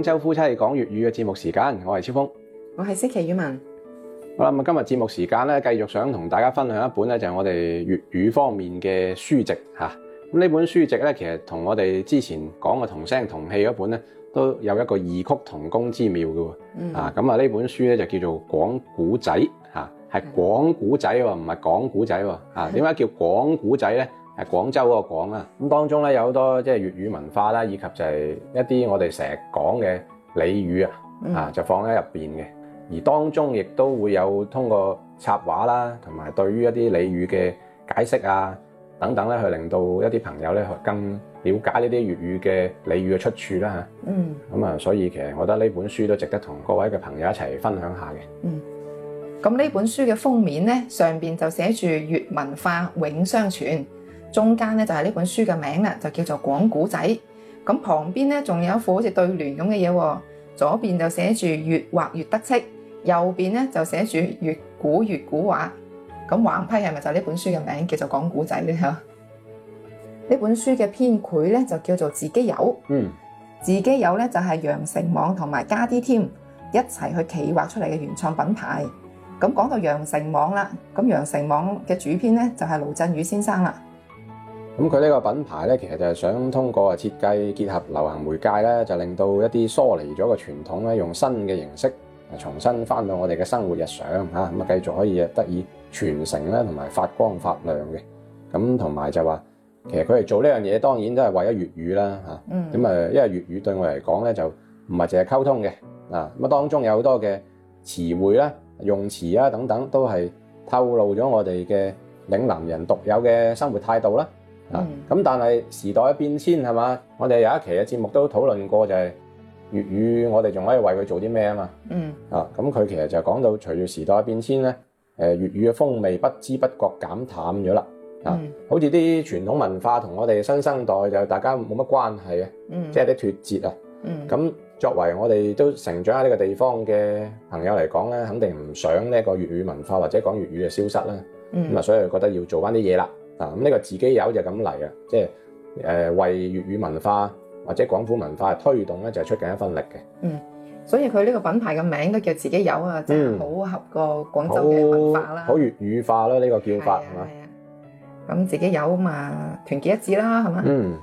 廣州夫妻講粵語嘅節目時間，我係超峰，我係星期宇文。好啦，咁今日節目時間咧，繼續想同大家分享一本咧，就係我哋粵語方面嘅書籍吓。咁、啊、呢本書籍咧，其實同我哋之前講嘅同聲同氣嗰本咧，都有一個異曲同工之妙嘅、嗯啊。啊，咁啊呢本書咧就叫做廣古仔吓，係廣古仔喎，唔係講古仔喎。啊，點解叫廣古仔咧？廣州個廣啦，咁當中咧有好多即係粵語文化啦，以及就係一啲我哋成日講嘅俚語、嗯、啊，啊就放喺入邊嘅。而當中亦都會有通過插畫啦，同埋對於一啲俚語嘅解釋啊等等咧，去令到一啲朋友咧更了解呢啲粵語嘅俚語嘅出處啦嚇。嗯，咁啊，所以其實我覺得呢本書都值得同各位嘅朋友一齊分享下嘅。嗯，咁呢本書嘅封面咧，上邊就寫住粵文化永相傳。中間咧就係呢本書嘅名啦，就叫做講古仔。咁旁邊咧仲有一副好似對聯咁嘅嘢，左邊就寫住越畫越得戚，右邊咧就寫住越古越古畫。咁橫批係咪就呢本書嘅名叫做講古仔咧？吓呢 本書嘅編繪咧就叫做自己有，嗯，自己有咧就係羊城網同埋加啲添一齊去企劃出嚟嘅原創品牌。咁講到羊城網啦，咁羊城網嘅主編咧就係勞鎮宇先生啦。咁佢呢個品牌咧，其實就係想通過啊設計結合流行媒介咧，就令到一啲疏離咗嘅傳統咧，用新嘅形式啊重新返到我哋嘅生活日常嚇，咁啊繼續可以得以傳承咧，同埋發光發亮嘅。咁同埋就話，其實佢哋做呢樣嘢，當然都係為咗粵語啦嚇。咁啊，啊，因為粵語對我嚟講咧，就唔係淨係溝通嘅啊。咁啊，當中有好多嘅詞彙啦、用詞啊等等，都係透露咗我哋嘅嶺南人獨有嘅生活態度啦。咁但係時代變遷係嘛？我哋有一期嘅節目都討論過，就係粵語，我哋仲可以為佢做啲咩啊嘛？嗯。啊，咁佢其實就講到隨住時代變遷咧，誒粵語嘅風味不知不覺減淡咗啦。嗯。好似啲傳統文化同我哋新生代就大家冇乜關係啊。即係啲脱節啊。嗯。咁作為我哋都成長喺呢個地方嘅朋友嚟講咧，肯定唔想呢個粵語文化或者講粵語嘅消失啦。嗯。咁啊，所以覺得要做翻啲嘢啦。嗱咁呢個自己有就咁嚟啊，即係誒為粵語文化或者廣府文化推動咧，就出緊一分力嘅。嗯，所以佢呢個品牌嘅名都叫自己有啊，真係好合個廣州嘅文化啦。嗯、好粵語化啦，呢、呢個叫法係嘛？咁、係啊、係啊、自己有啊嘛，團結一致啦，係嘛？嗯，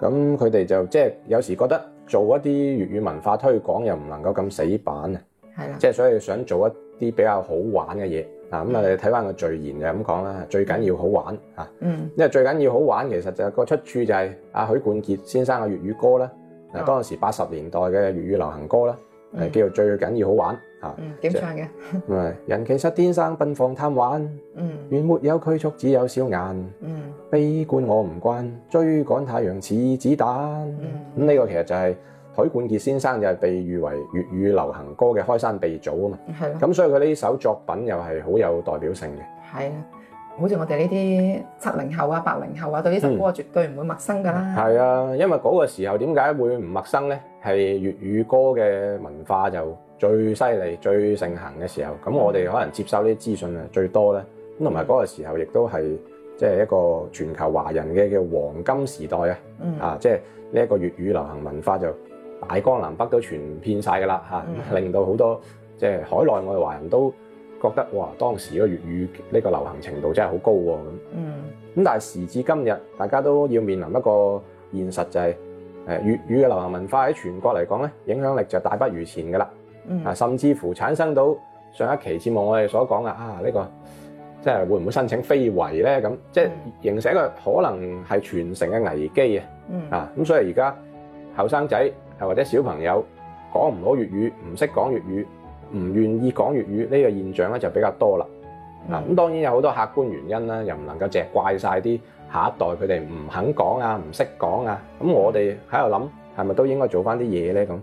咁佢哋就即係、即係、有時覺得做一啲粵語文化推廣又唔能夠咁死板啊，係啦，即係所以想做一啲比較好玩嘅嘢。嗱、嗯，咁啊、嗯，睇翻個序言就咁講啦，嗯、最緊要好玩嚇。嗯，因為最緊要好玩，其實就個出處就係阿許冠傑先生嘅粵語歌啦。嗱、嗯，當時八十年代嘅粵語流行歌啦，係、嗯、叫做《最緊要好玩》嚇、嗯。點唱嘅？唔 人其實天生奔放貪玩，嗯，原沒有拘束，只有笑顏，嗯，悲觀我唔慣，追趕太陽似子彈，嗯，咁呢、嗯、個其實就係、是。許冠傑先生就係被譽為粵語流行歌嘅開山鼻祖啊嘛，咁係咯，所以佢呢首作品又係好有代表性嘅。係啊，好似我哋呢啲七零後啊、八零後啊，對呢首歌絕對唔會陌生㗎啦。係啊、嗯，因為嗰個時候點解會唔陌生咧？係粵語歌嘅文化就最犀利、最盛行嘅時候。咁我哋可能接受呢啲資訊啊最多咧，咁同埋嗰個時候亦都係即係一個全球華人嘅嘅黃金時代、嗯、啊。啊，即係呢一個粵語流行文化就。大江南北都傳遍晒㗎啦嚇，mm hmm. 令到好多即係、就是、海內外華人都覺得哇，當時個粵語呢個流行程度真係好高喎、啊、咁。咁、mm hmm. 但係時至今日，大家都要面臨一個現實、就是，就係誒粵語嘅流行文化喺全國嚟講咧，影響力就大不如前㗎啦。啊、mm，hmm. 甚至乎產生到上一期節目我哋所講嘅啊呢、這個即係會唔會申請非遺咧咁，mm hmm. 即係形成一個可能係傳承嘅危機啊。啊、mm，咁所以而家後生仔。Hmm. Mm 或者小朋友講唔到粵語，唔識講粵語，唔願意講粵語呢、這個現象咧就比較多啦。嗱、嗯，咁當然有好多客觀原因啦，又唔能夠淨係怪晒啲下一代佢哋唔肯講啊，唔識講啊。咁我哋喺度諗，係咪都應該做翻啲嘢咧？咁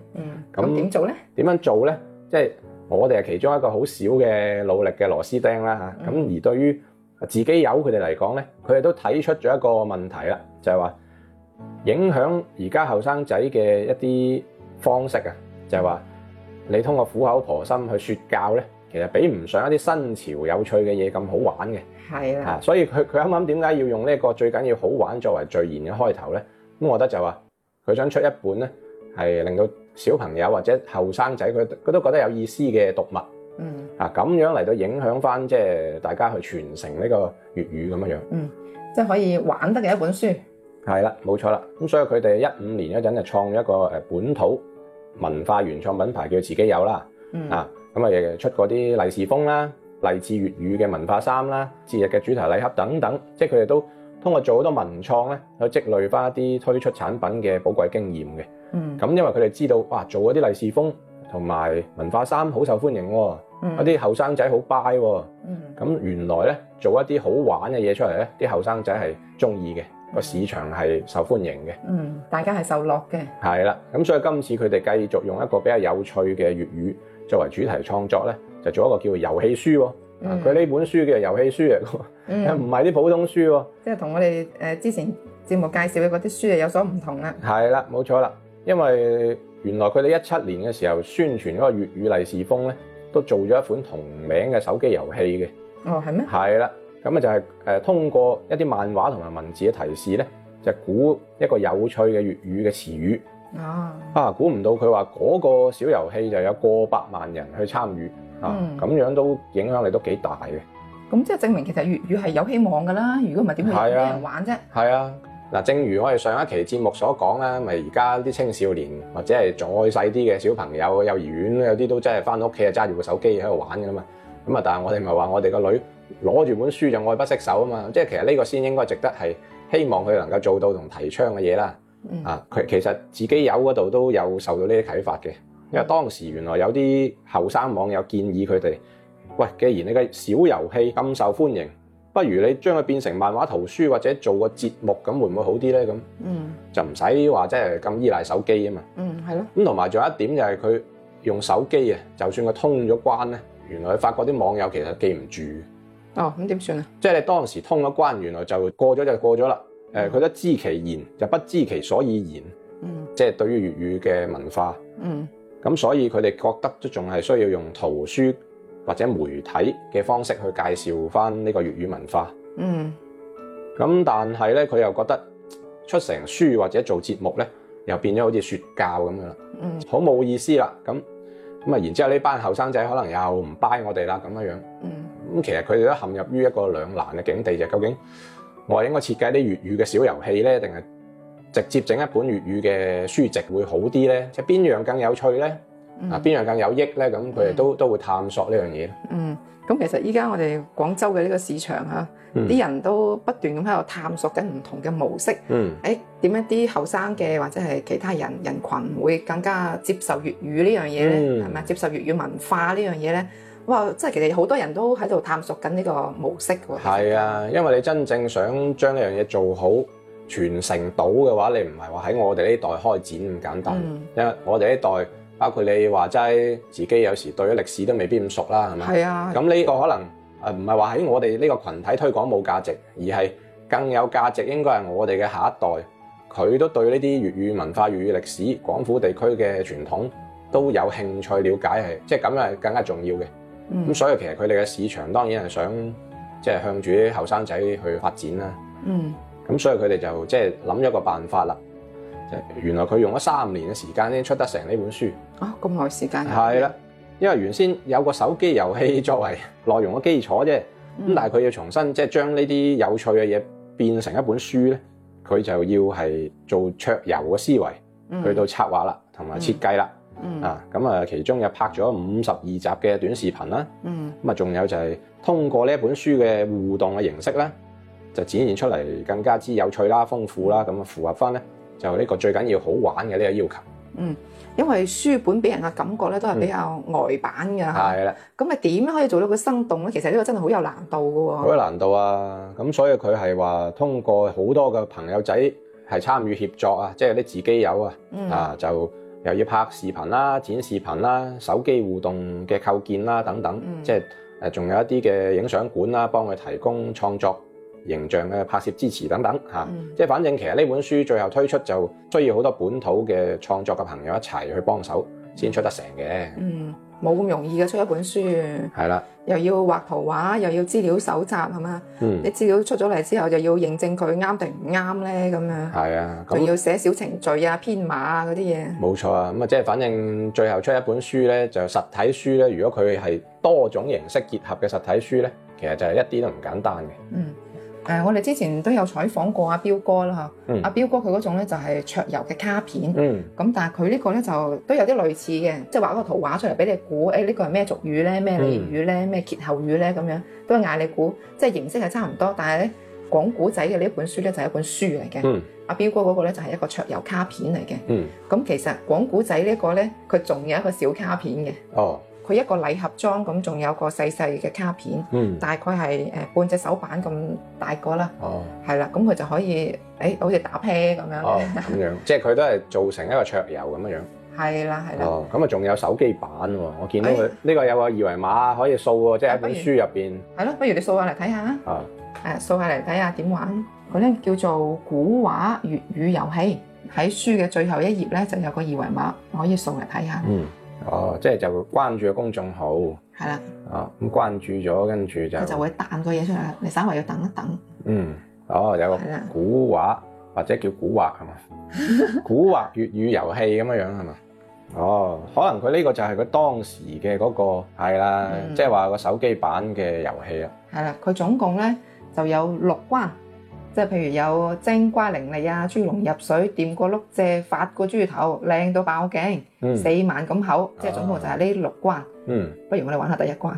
咁點做咧？點樣做咧？即、就、係、是、我哋係其中一個好少嘅努力嘅螺絲釘啦嚇。咁、嗯、而對於自己友佢哋嚟講咧，佢哋都睇出咗一個問題啦，就係話。影響而家後生仔嘅一啲方式啊，就係話你通過苦口婆心去說教咧，其實比唔上一啲新潮有趣嘅嘢咁好玩嘅。係啦，所以佢佢啱啱點解要用呢個最緊要好玩作為序言嘅開頭咧？咁我覺得就話佢想出一本咧，係令到小朋友或者後生仔佢佢都覺得有意思嘅讀物。嗯。啊，咁樣嚟到影響翻即係大家去傳承呢個粵語咁樣樣。嗯，即係可以玩得嘅一本書。係啦，冇錯啦。咁所以佢哋一五年嗰陣就創咗一個誒本土文化原創品牌叫自己有啦。嗯、啊，咁啊日日出嗰啲利是風啦、勵志粵語嘅文化衫啦、節日嘅主題禮盒等等，即係佢哋都通過做好多文創咧，去積累翻一啲推出產品嘅寶貴經驗嘅。咁、嗯、因為佢哋知道哇，做嗰啲利是風同埋文化衫好受歡迎、哦，嗯、一啲後生仔好 buy。咁原來咧做一啲好玩嘅嘢出嚟咧，啲後生仔係中意嘅。個市場係受歡迎嘅，嗯，大家係受落嘅，係啦，咁所以今次佢哋繼續用一個比較有趣嘅粵語作為主題創作咧，就做一個叫做遊戲書、哦，啊、嗯，佢呢本書嘅遊戲書啊，唔係啲普通書喎，即係同我哋誒之前節目介紹嘅嗰啲書係有所唔同啦，係啦，冇錯啦，因為原來佢哋一七年嘅時候宣傳嗰個粵語利是風咧，都做咗一款同名嘅手機遊戲嘅，哦，係咩？係啦。咁啊就係誒通過一啲漫畫同埋文字嘅提示咧，就估、是、一個有趣嘅粵語嘅詞語。哦、啊，啊估唔到佢話嗰個小遊戲就有過百萬人去參與、嗯、啊，咁樣都影響力都幾大嘅。咁、嗯嗯、即係證明其實粵語係有希望㗎啦。如果唔係點會有人玩啫？係啊，嗱、啊、正如我哋上一期節目所講啦，咪而家啲青少年或者係再細啲嘅小朋友、幼兒園有啲都真係翻到屋企啊，揸住部手機喺度玩㗎嘛。咁啊，但係我哋咪話我哋個女，攞住本書就愛不釋手啊嘛！即係其實呢個先應該值得係希望佢能夠做到同提倡嘅嘢啦。嗯、啊，佢其實自己有嗰度都有受到呢啲啟發嘅，因為當時原來有啲後生網友建議佢哋，喂，既然你嘅小遊戲咁受歡迎，不如你將佢變成漫畫圖書或者做個節目咁，會唔會好啲咧？咁，就唔使話真係咁依賴手機啊嘛。嗯，係咯。咁同埋仲有一點就係佢用手機啊，就算佢通咗關咧，原來佢發覺啲網友其實記唔住。哦，咁點算啊？即係你當時通咗關，原來就過咗就過咗啦。誒、嗯，佢、呃、都知其言，就不知其所以然。嗯，即係對於粵語嘅文化。嗯，咁所以佢哋覺得都仲係需要用圖書或者媒體嘅方式去介紹翻呢個粵語文化。嗯，咁但係咧，佢又覺得出成書或者做節目咧，又變咗好似説教咁樣啦。嗯，好冇意思啦。咁咁啊，然之後呢班後生仔可能又唔 buy 我哋啦，咁樣樣。嗯。咁其實佢哋都陷入於一個兩難嘅境地，就係究竟我係應該設計啲粵語嘅小遊戲咧，定係直接整一本粵語嘅書籍會好啲咧？即係邊樣更有趣咧？啊，邊樣更有益咧？咁佢哋都都會探索呢樣嘢。嗯，咁其實依家我哋廣州嘅呢個市場啊，啲人都不斷咁喺度探索緊唔同嘅模式。嗯。誒點一啲後生嘅或者係其他人人羣會更加接受粵語呢樣嘢咧？係咪接受粵語文化呢樣嘢咧？即真係其實好多人都喺度探索緊呢個模式喎。係啊，因為你真正想將呢樣嘢做好傳承到嘅話，你唔係話喺我哋呢代開展咁簡單。嗯、因為我哋呢代包括你話齋，自己有時對咗歷史都未必咁熟啦，係咪？係啊。咁呢個可能誒唔係話喺我哋呢個群體推廣冇價值，而係更有價值。應該係我哋嘅下一代，佢都對呢啲粵語文化、粵語歷史、廣府地區嘅傳統都有興趣了解，係即係咁樣係更加重要嘅。咁、嗯、所以其實佢哋嘅市場當然係想即係向住啲後生仔去發展啦。嗯，咁所以佢哋就即係諗咗個辦法啦。即係、原來佢用咗三年嘅時間先，出得成呢本書。啊、哦，咁耐時間。係啦，因為原先有個手機遊戲作為內容嘅基礎啫。咁、嗯、但係佢要重新即係將呢啲有趣嘅嘢變成一本書咧，佢就要係做桌遊嘅思維、嗯、去到策劃啦，同埋設計啦。嗯嗯。嗯啊，咁啊，其中又拍咗五十二集嘅短視頻啦，嗯，咁啊，仲有就係通過呢一本書嘅互動嘅形式咧，就展現出嚟更加之有趣啦、豐富啦，咁啊，符合翻咧就呢個最緊要好玩嘅呢個要求。嗯，因為書本俾人嘅感覺咧都係比較呆板噶，係啦、嗯，咁啊，點樣可以做到佢生動咧？其實呢個真係好有難度噶，好有難度啊！咁所以佢係話通過好多嘅朋友仔係參與協作啊，即係啲自己友啊，嗯、啊就。又要拍視頻啦、剪視頻啦、手機互動嘅構建啦等等，嗯、即係仲有一啲嘅影相館啦，幫佢提供創作形象嘅拍攝支持等等嚇。嗯、即係反正其實呢本書最後推出就需要好多本土嘅創作嘅朋友一齊去幫手先、嗯、出得成嘅。嗯。冇咁容易嘅出一本書，係啦的，又要畫圖畫，又要資料搜集，係咪啊？嗯，你資料出咗嚟之後，就要認證佢啱定唔啱咧，咁樣。係啊，仲要寫小程序啊、編碼啊嗰啲嘢。冇錯啊，咁啊，即係反正最後出一本書咧，就實體書咧，如果佢係多種形式結合嘅實體書咧，其實就係一啲都唔簡單嘅。嗯。誒、呃，我哋之前都有採訪過阿彪哥啦嚇，嗯、阿彪哥佢嗰種咧就係桌遊嘅卡片，咁、嗯、但係佢呢個咧就都有啲類似嘅，即、就、係、是、畫一個圖畫出嚟俾你估，誒、哎這個、呢個係咩俗語咧、咩俚語咧、咩歇後語咧咁樣，都係嗌你估，即、就、係、是、形式係差唔多，但係咧廣古仔嘅呢本書咧就係、是、一本書嚟嘅，嗯、阿彪哥嗰個咧就係、是、一個桌遊卡片嚟嘅，咁、嗯嗯、其實廣古仔呢個咧佢仲有一個小卡片嘅。哦。佢一個禮盒裝咁，仲有個細細嘅卡片，大概係誒半隻手板咁大個啦，係啦，咁佢就可以誒好似打啤咁樣。哦，咁樣，即係佢都係做成一個桌遊咁樣。係啦，係啦。哦，咁啊，仲有手機版喎，我見到佢呢個有個二維碼可以掃喎，即係喺本書入邊。係咯，不如你掃下嚟睇下。啊，誒，掃下嚟睇下點玩？佢咧叫做古話粵語遊戲，喺書嘅最後一頁咧就有個二維碼可以掃嚟睇下。嗯。哦，即係就會關注個公眾號，係啦的，哦咁關注咗，跟住就就會彈個嘢出嚟，你稍微要等一等。嗯，哦，有個古畫的或者叫古畫係嘛， 古畫粵語遊戲咁樣樣係嘛？哦，可能佢呢個就係佢當時嘅嗰、嗰個係啦，嗯、即係話個手機版嘅遊戲啊。係啦，佢總共咧就有六關。即係譬如有精乖伶俐啊，豬籠入水掂過碌蔗，發個豬頭靚到爆鏡，四萬咁厚，即係總共就係呢六關。嗯，不如我哋玩下第一關。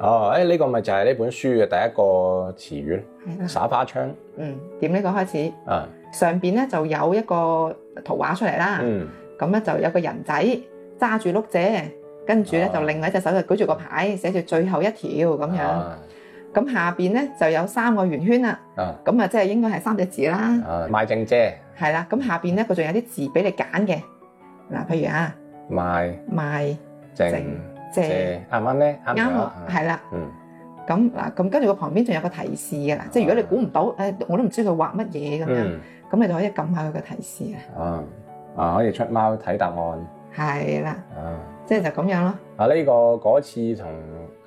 哦，誒，呢個咪就係呢本書嘅第一個詞語。撒花槍。嗯，點呢個開始？啊，上邊咧就有一個圖畫出嚟啦。嗯，咁咧就有個人仔揸住碌蔗，跟住咧就另外一隻手就舉住個牌，寫住最後一條咁樣。咁下邊咧就有三個圓圈啦，咁啊即係應該係三隻字啦。賣正姐係啦，咁下邊咧佢仲有啲字俾你揀嘅，嗱，譬如啊，賣賣正正啱啱咧？啱啱係啦，咁嗱，咁跟住個旁邊仲有個提示噶啦，即係如果你估唔到，誒，我都唔知佢畫乜嘢咁樣，咁你就可以撳下佢嘅提示啊，啊，可以出貓睇答案，係啦，即係就咁樣咯。啊，呢個嗰次同。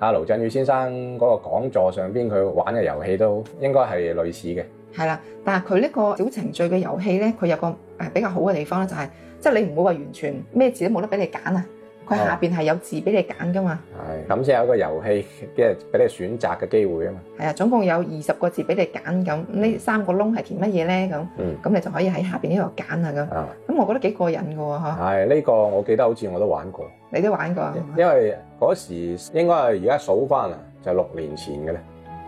阿勞鎮宇先生嗰個講座上邊佢玩嘅遊戲都應該係類似嘅。係啦，但係佢呢個小程序嘅遊戲咧，佢有個誒比較好嘅地方咧，就係，就係即係你唔會話完全咩字都冇得俾你揀啊。佢下邊係有字俾你揀噶嘛。係、哦，咁先有一個遊戲嘅俾你選擇嘅機會啊嘛。係啊，總共有二十個字俾你揀，咁呢三個窿係填乜嘢咧？咁，咁、嗯、你就可以喺下邊呢度揀啊咁。咁我覺得幾過癮嘅喎，嗬、哦。呢、呢個，我記得好似我都玩過。你都玩過。因為。嗰時應該係而家數翻啊，就六年前嘅咧，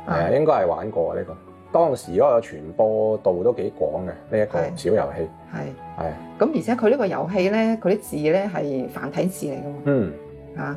係啊，應該係玩過呢個。當時嗰個傳播度都幾廣嘅呢一個小遊戲。係係。咁而且佢呢個遊戲咧，佢啲字咧係繁體字嚟嘅嘛。嗯。嚇，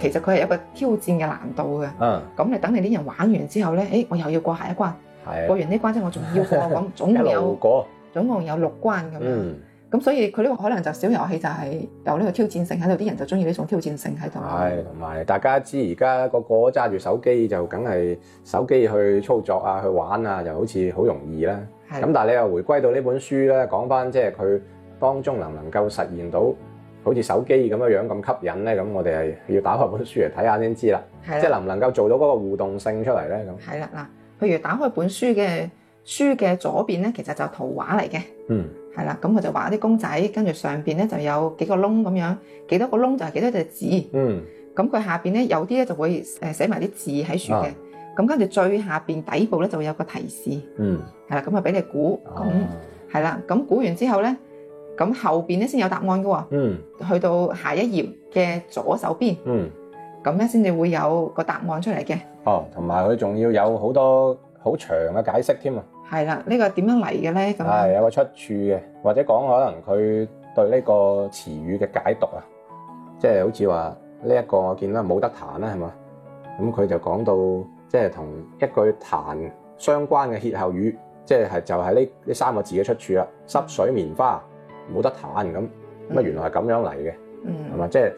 其實佢係一個挑戰嘅難度嘅。嗯。咁你等你啲人玩完之後咧，誒，我又要過下一關。係。過完呢關之後，我仲要過，咁總共有總共有六關咁樣。咁所以佢呢個可能就小遊戲就係有呢個挑戰性喺度，啲人就中意呢種挑戰性喺度。係，同埋大家知而家個個揸住手機就梗係手機去操作啊，去玩啊，就好似好容易啦。咁的但係你又回歸到呢本書咧，講返即係佢當中能唔能夠實現到好似手機咁樣樣咁吸引咧？咁我哋係要打開本書嚟睇下先知啦。的即係能唔能夠做到嗰個互動性出嚟咧？咁係啦，嗱，譬如打開本書嘅書嘅左邊咧，其實就圖畫嚟嘅。嗯。係啦，咁我就畫啲公仔，跟住上邊咧就有幾個窿咁樣，幾多個窿就係幾多隻字。嗯，咁佢下邊咧有啲咧就會誒寫埋啲字喺樹嘅。咁跟住最下邊底部咧就會有個提示。嗯，係啦，咁啊俾你估，咁係啦，咁估完之後咧，咁後邊咧先有答案噶。嗯，去到下一頁嘅左手邊。嗯，咁咧先至會有個答案出嚟嘅。哦，同埋佢仲要有好多好長嘅解釋添啊！係啦，呢個點樣嚟嘅咧？咁係有個出處嘅，或者講可能佢對呢個詞語嘅解讀啊，即係好似話呢一個我見啦冇得彈啦，係嘛？咁佢就講到即係同一句彈相關嘅歇後語，即係就係呢呢三個字嘅出處啦。濕水棉花冇得彈咁，咁啊原來係咁樣嚟嘅，係嘛？即係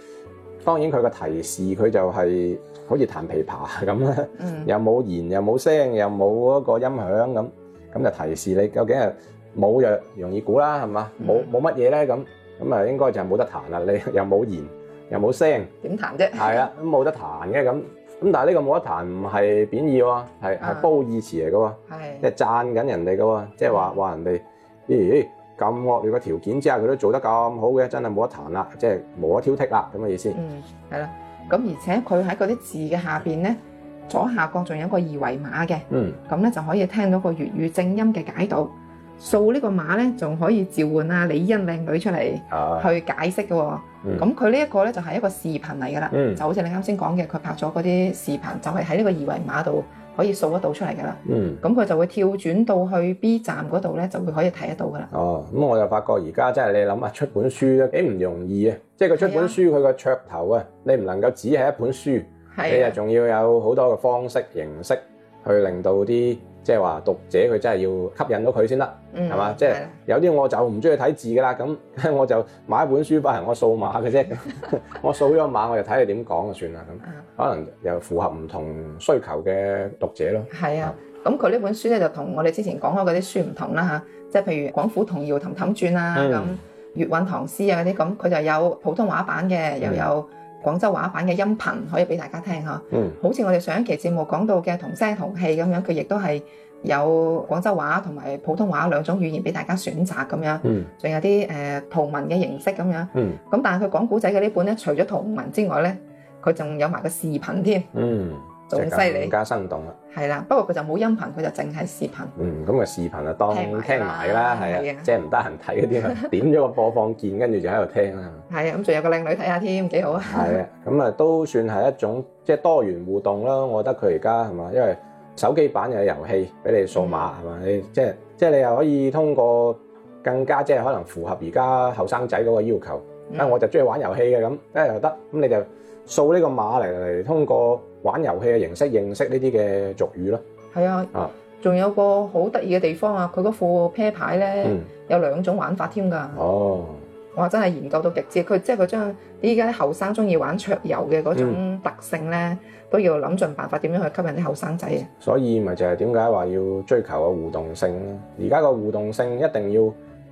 當然佢嘅提示佢就係好似彈琵琶咁啦，又冇弦又冇聲又冇嗰個音響咁。咁就提示你究竟係冇藥容易估啦，係嘛？冇冇乜嘢咧？咁咁啊，應該就係冇得彈啦。你又冇言，又冇聲，點彈啫？係啊，都冇得彈嘅咁。咁但係呢個冇得彈唔係貶義喎，係係褒義詞嚟嘅喎，即係讚緊人哋嘅喎，即係話話人哋咦咁惡劣嘅條件之下佢都做得咁好嘅，真係冇得彈啦，即係冇得挑剔啦咁嘅意思。嗯，係啦。咁而且佢喺嗰啲字嘅下邊咧。左下角仲有一個二維碼嘅，咁咧、嗯、就可以聽到個粵語正音嘅解讀。掃個呢個碼咧，仲可以召喚啊李欣靚女出嚟去解釋嘅。咁佢呢一個咧就係一個視頻嚟㗎啦，嗯、就好似你啱先講嘅，佢拍咗嗰啲視頻就，就係喺呢個二維碼度可以掃得到出嚟㗎啦。咁佢、嗯、就會跳轉到去 B 站嗰度咧，就會可以睇得到㗎啦。哦，咁我又發覺而家即係你諗下，出本書咧幾唔容易啊！即係佢出本書，佢個噱頭啊，頭你唔能夠只係一本書。你又仲要有好多嘅方式形式，去令到啲即係話讀者佢真係要吸引到佢先得，係嘛、嗯？吧即係有啲我就唔中意睇字噶啦，咁我就買一本書翻嚟，我掃碼嘅啫， 我掃咗碼我就睇你點講就算啦。咁可能又符合唔同需求嘅讀者咯。係啊的，咁佢呢本書咧就同我哋之前講開嗰啲書唔同啦吓，即係譬如《廣府童謠氹氹轉》啊、嗯，咁《粵韻唐詩》啊嗰啲，咁佢就有普通話版嘅，又有、嗯。又有廣州話版嘅音頻可以俾大家聽吓，嗯，好似我哋上一期節目講到嘅同聲同氣咁樣，佢亦都係有廣州話同埋普通話兩種語言俾大家選擇咁樣，嗯，仲有啲誒、呃、圖文嘅形式咁樣，嗯，咁但係佢講古仔嘅呢本咧，除咗圖文之外咧，佢仲有埋個視頻添，嗯。仲犀利，更加生動啦。係啦，不過佢就冇音頻，佢就淨係視頻。嗯，咁啊視頻啊，當聽埋啦，係啊，的的即係唔得閒睇嗰啲， 點咗個播放鍵，跟住就喺度聽啦。係啊， 咁仲有個靚女睇下添，幾好啊。係啊，咁啊都算係一種即係多元互動咯。我覺得佢而家係嘛，因為手機版又有遊戲俾你掃碼係嘛、嗯，即係即係你又可以通過更加即係可能符合而家後生仔嗰個要求。啊，我就中意玩遊戲嘅咁，誒又得咁你就掃呢個碼嚟嚟通過玩遊戲嘅形式認識呢啲嘅俗語咯，係啊，啊，仲有個好得意嘅地方啊！佢嗰副啤牌咧，嗯、有兩種玩法添㗎。哦，我真係研究到極致。佢即係佢將依家啲後生中意玩桌遊嘅嗰種特性咧，嗯、都要諗盡辦法點樣去吸引啲後生仔啊。所以咪就係點解話要追求個互動性咯？而家個互動性一定要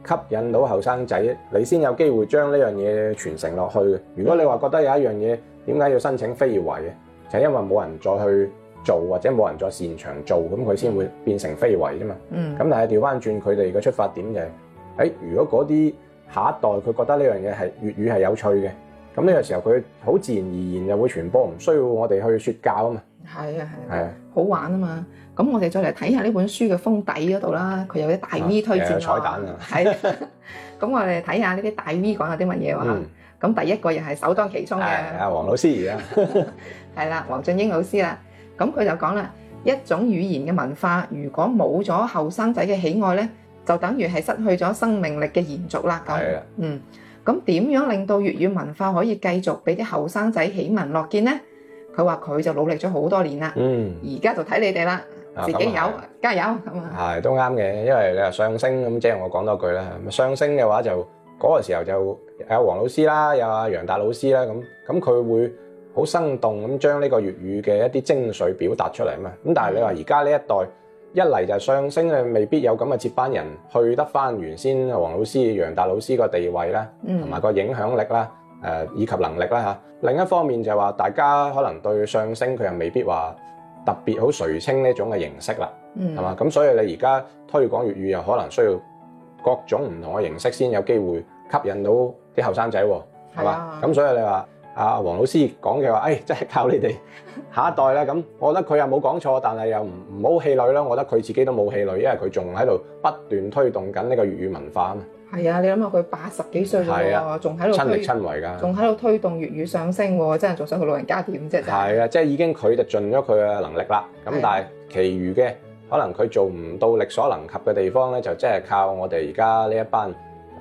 吸引到後生仔，你先有機會將呢樣嘢傳承落去嘅。如果你話覺得有一樣嘢點解要申請非遺啊？就係因為冇人再去做，或者冇人再擅長做，咁佢先會變成非遺啫嘛。咁、嗯、但係調翻轉，佢哋嘅出發點就係、是：，誒、哎，如果嗰啲下一代佢覺得呢樣嘢係粵語係有趣嘅，咁呢個時候佢好自然而然就會傳播，唔需要我哋去説教啊嘛。係啊，係啊，係啊，好玩啊嘛。咁我哋再嚟睇下呢本書嘅封底嗰度啦，佢有啲大 V 推薦、啊啊、彩蛋啊。係、啊，咁 我哋睇下呢啲大 V 講下啲乜嘢話。咁、嗯、第一個又係首當其衝嘅，係啊，黃老師而家。 係啦，黃俊英老師啦，咁佢就講啦，一種語言嘅文化如果冇咗後生仔嘅喜愛咧，就等於係失去咗生命力嘅延續啦。咁，嗯，咁點樣令到粵語文化可以繼續俾啲後生仔喜聞樂見呢？佢話佢就努力咗好多年啦，嗯，而家就睇你哋啦，自己有加油咁啊。係都啱嘅，因為你話相聲咁，即係我講多句啦。相聲嘅話就嗰個時候就有黃老師啦，有阿楊達老師啦，咁咁佢會。好生動咁將呢個粵語嘅一啲精髓表達出嚟啊嘛！咁但係你話而家呢一代一嚟就係相聲咧，未必有咁嘅接班人去得返原先黃老師、楊達老師個地位啦，同埋個影響力啦，誒、呃、以及能力啦嚇、啊。另一方面就係話，大家可能對相聲佢又未必話特別好垂青呢種嘅形式啦，係嘛、嗯？咁所以你而家推廣粵語又可能需要各種唔同嘅形式先有機會吸引到啲後生仔喎，係嘛？咁、啊、所以你話。啊，黃老師講嘅話，誒、哎，即係靠你哋下一代啦。咁、嗯，我覺得佢又冇講錯，但係又唔唔好氣餒啦。我覺得佢自己都冇氣餒，因為佢仲喺度不斷推動緊呢個粵語文化啊。係啊，你諗下佢八十幾歲喎，仲喺度親力親為㗎，仲喺度推動粵語上升喎，真係仲想去老人家點啫？係、就是、啊，即係已經佢就盡咗佢嘅能力啦。咁但係，其餘嘅可能佢做唔到力所能及嘅地方咧，就即係靠我哋而家呢一班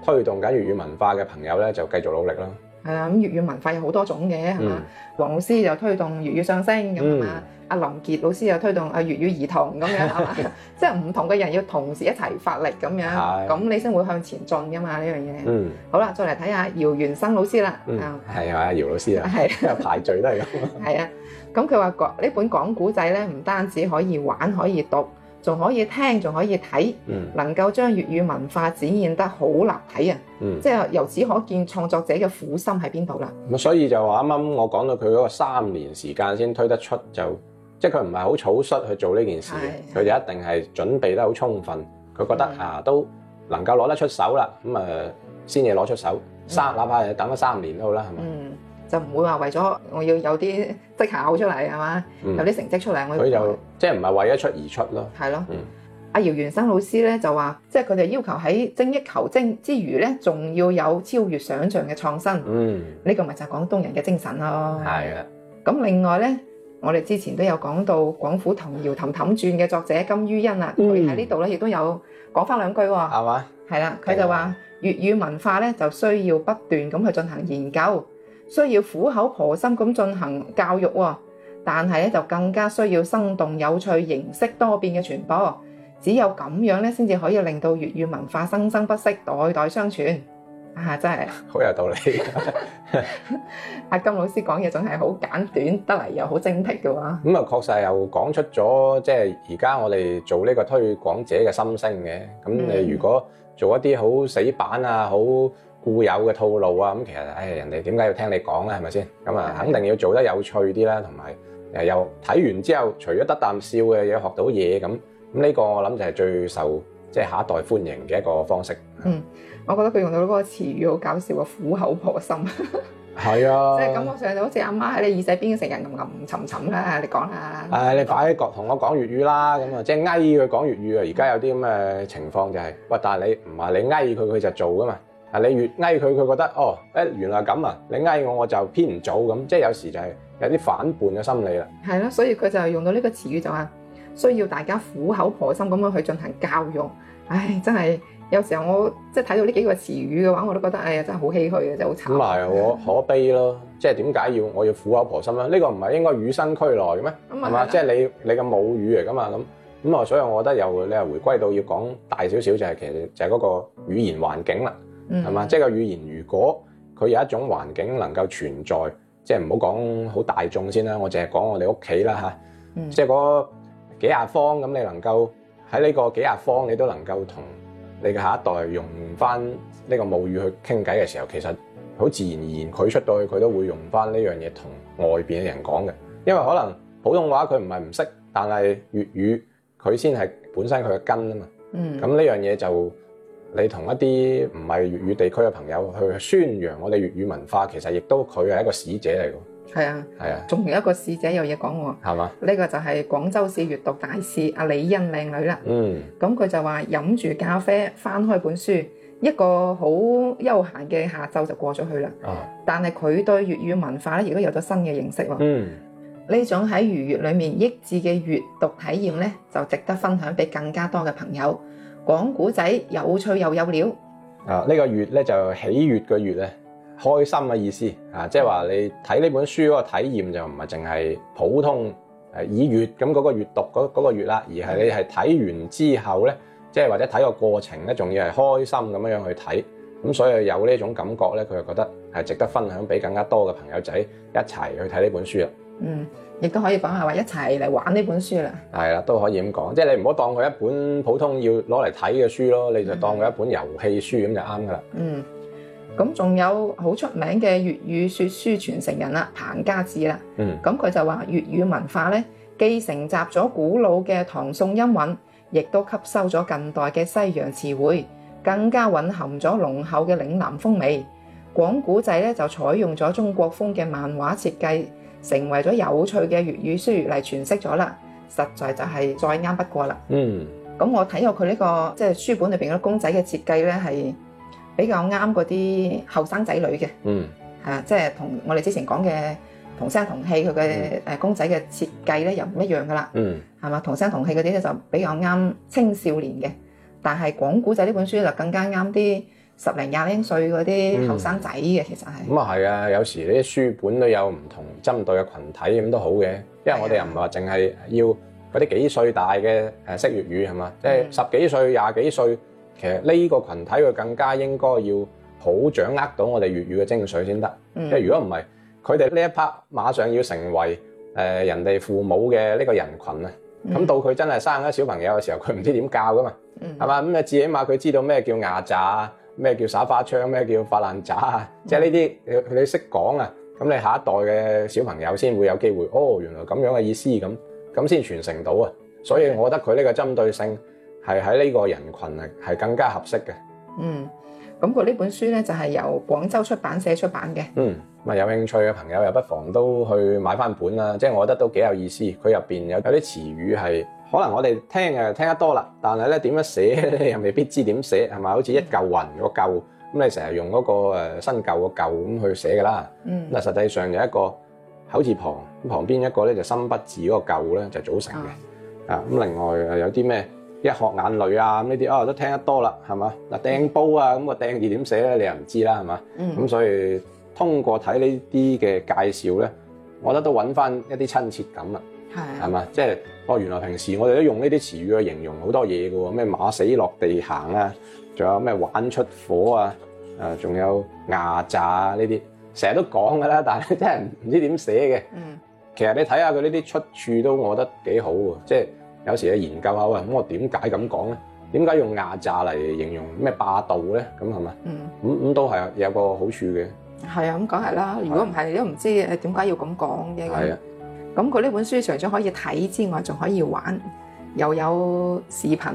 推動緊粵語文化嘅朋友咧，就繼續努力啦。係啊，咁粵語文化有好多種嘅，係嘛？黃老師就推動粵語上升，咁、嗯、啊，阿林傑老師又推動啊粵語兒童咁樣，係嘛？ 即係唔同嘅人要同時一齊發力咁 樣，咁你先會向前進㗎嘛呢樣嘢。 嗯，好啦，再嚟睇下姚元生老師啦。嗯，係、嗯、啊，姚老師啊，係 啊，排隊都係咁。係、嗯、啊，咁佢話講呢本講古仔咧，唔單止可以玩，可以讀。嗯嗯嗯仲可以聽，仲可以睇，嗯、能夠將粵語文化展現得好立體啊！嗯、即係由此可見創作者嘅苦心喺邊度啦。咁所以就話啱啱我講到佢嗰個三年時間先推得出，就即係佢唔係好草率去做呢件事，佢的就一定係準備得好充分。佢覺得的啊，都能夠攞得出手啦，咁啊先至攞出手，三哪怕等咗三年都好啦，係嘛？嗯就唔會話為咗我要有啲績效出嚟係嘛，嗯、有啲成績出嚟我。所以就即係唔係為一出而出咯。係咯的，阿、嗯啊、姚元生老師咧就話，即係佢哋要求喺精益求精之餘咧，仲要有超越想像嘅創新。嗯，呢個咪就係廣東人嘅精神咯。係啊、嗯。咁另外咧，我哋之前都有講到《廣府童謠氹氹轉》嘅作者金於欣啦，佢喺呢度咧亦都有講翻兩句喎。係嘛、嗯？係啦，佢就話粵的語,語文化咧就需要不斷咁去進行研究。需要苦口婆心咁進行教育喎，但係咧就更加需要生動有趣、形式多變嘅傳播。只有咁樣咧，先至可以令到粵語文化生生不息、代代相傳。啊，真係好有道理。阿金老師講嘢總係好簡短，得嚟又好精辟嘅喎。咁啊，確實又講出咗即係而家我哋做呢個推廣者嘅心聲嘅。咁你如果做一啲好死板啊，好～固有嘅套路啊，咁其實，唉、哎，人哋點解要聽你講咧？係咪先？咁、嗯、啊，肯定要做得有趣啲啦，同埋誒又睇完之後，除咗得啖笑嘅嘢，學到嘢咁，咁呢、這個我諗就係最受即係下一代歡迎嘅一個方式。嗯，我覺得佢用到嗰個詞語好搞笑啊，苦口婆心。係 啊，即係感覺上就好似阿媽喺你耳仔邊成日咁吟吟沉沉啦。你講下，誒，你擺喺角同我講粵語啦。咁啊，即係嗌佢講粵語啊。而家有啲咁嘅情況就係，喂，但係你唔係你嗌佢，佢就做㗎嘛。哦欸、啊！你越嗌佢，佢覺得哦，誒原來咁啊！你嗌我，我就偏唔早咁，即係有時就係有啲反叛嘅心理啦。係咯，所以佢就用到呢個詞語就話需要大家苦口婆心咁樣去進行教育。唉、哎，真係有時候我即係睇到呢幾個詞語嘅話，我都覺得唉呀、哎，真係好唏噓嘅，真係好慘咁啊！我可悲咯，即係點解要我要苦口婆心咧？呢、這個唔係應該與生俱、啊、來嘅咩？係嘛？即係你你嘅母語嚟噶嘛？咁咁啊，所以我覺得又你係回歸到要講大少少、就是，就係其實就係嗰個語言環境啦。係嘛？嗯、即係個語言，如果佢有一種環境能夠存在，即係唔好講好大眾先啦，我淨係講我哋屋企啦嚇。嗯、即係嗰幾廿方咁，你能夠喺呢個幾廿方，你都能夠同你嘅下一代用翻呢個母語去傾偈嘅時候，其實好自然而然佢出到去，佢都會用翻呢樣嘢同外邊嘅人講嘅。因為可能普通話佢唔係唔識，但係粵語佢先係本身佢嘅根啊嘛。嗯，咁呢樣嘢就。你同一啲唔係粵語地區嘅朋友去宣揚我哋粵語文化，其實亦都佢係一個使者嚟嘅。係啊，係啊，仲有一個使者有嘢講喎。係嘛嗎？呢個就係廣州市閱讀大使阿李欣靚女啦。嗯。咁佢就話飲住咖啡，翻開本書，一個好悠閒嘅下晝就過咗去啦。啊。但係佢對粵語文化咧，亦都有咗新嘅認識喎。嗯。呢種喺愉悅裡面益智嘅閱讀體驗咧，就值得分享俾更加多嘅朋友。講古仔有趣又有料啊！呢個月咧就喜悅嘅月咧，開心嘅意思啊，即係話你睇呢本書嗰個體驗就唔係淨係普通誒、啊，以閱咁嗰個閱讀嗰嗰個月啦，而係你係睇完之後咧，即係或者睇個過程咧，仲要係開心咁樣樣去睇咁，所以有呢種感覺咧，佢就覺得係值得分享俾更加多嘅朋友仔一齊去睇呢本書啦。嗯，亦都可以講下話一齊嚟玩呢本書啦。係啦，都可以咁講，即係你唔好當佢一本普通要攞嚟睇嘅書咯，你就當佢一本遊戲書咁就啱噶啦。嗯，咁仲有好出名嘅粵語說書傳承人啦，彭家志啦。嗯，咁佢就話粵語文化咧，既承襲咗古老嘅唐宋音韻，亦都吸收咗近代嘅西洋詞彙，更加混合咗濃厚嘅嶺南風味。廣古仔咧就採用咗中國風嘅漫畫設計。成為咗有趣嘅粵語書嚟詮釋咗啦，實在就係再啱不過啦。嗯，咁我睇過佢呢、這個即係、就是、書本裏邊嗰公仔嘅設計咧，係比較啱嗰啲後生仔女嘅。嗯，啊，即、就、係、是、同我哋之前講嘅同聲同氣佢嘅誒公仔嘅設計咧，又唔一樣噶啦。嗯，係嘛，同聲同氣嗰啲咧就比較啱青少年嘅，但係廣古仔呢本書咧就更加啱啲。十零廿零歲嗰啲後生仔嘅，嗯、其實係咁啊，係啊、嗯！有時呢啲書本都有唔同針對嘅群體，咁都好嘅，因為我哋又唔係話淨係要嗰啲幾歲大嘅誒識粵語係嘛，嗯、即係十幾歲、廿幾歲，其實呢個群體佢更加應該要好掌握到我哋粵語嘅精髓先得。即、嗯、因為如果唔係，佢哋呢一 part 馬上要成為誒、呃、人哋父母嘅呢個人群。啊、嗯，咁、嗯、到佢真係生咗小朋友嘅時候，佢唔知點教噶嘛，係嘛？咁啊、嗯，至少碼佢知道咩叫牙齙啊！咩叫耍花槍？咩叫發爛渣？即係呢啲你你識講啊！咁你下一代嘅小朋友先會有機會哦，原來咁樣嘅意思咁，咁先傳承到啊！所以我覺得佢呢個針對性係喺呢個人群係係更加合適嘅。嗯，咁佢呢本書咧就係由廣州出版社出版嘅。嗯，咁啊，有興趣嘅朋友又不妨都去買翻本啦。即係我覺得都幾有意思，佢入邊有有啲詞語係。可能我哋聽誒聽得多啦，但係咧點樣寫咧又未必知點寫係嘛？好似一嚿雲個舊咁，你成日用嗰個誒新舊個舊咁去寫噶啦。咁啊，實際上有一個口字旁咁，旁邊一個咧就深筆字嗰個舊咧就組成嘅。啊咁，另外又有啲咩一殼眼淚啊咁呢啲啊都聽得多啦，係嘛？嗱掟煲啊咁個掟字點寫咧，你又唔知啦係嘛？咁所以通過睇呢啲嘅介紹咧，我覺得都揾翻一啲親切感啦。係，係嘛，即係，哦，原來平時我哋都用呢啲詞語去形容好多嘢嘅喎，咩馬死落地行啊，仲有咩玩出火啊，誒，仲有壓榨啊呢啲，成日都講嘅啦，但係真係唔知點寫嘅。嗯，其實你睇下佢呢啲出處都，我覺得幾好嘅，即係有時去研究下啊，咁我點解咁講咧？點解用壓榨嚟形容咩霸道咧？咁係嘛？嗯，咁咁、嗯、都係有個好處嘅。係啊，咁梗係啦，如果唔係你都唔知誒點解要咁講嘅。係啊。咁佢呢本書除咗可以睇之外，仲可以玩，又有視頻，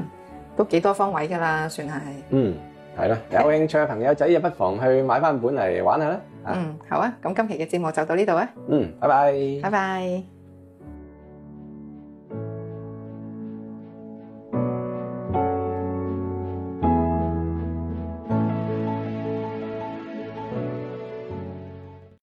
都幾多方位噶啦，算係。嗯，係啦，有，有興趣嘅朋友仔啊，不妨去買翻本嚟玩下啦。嗯，好啊，咁今期嘅節目就到呢度啊。嗯，拜拜。拜拜。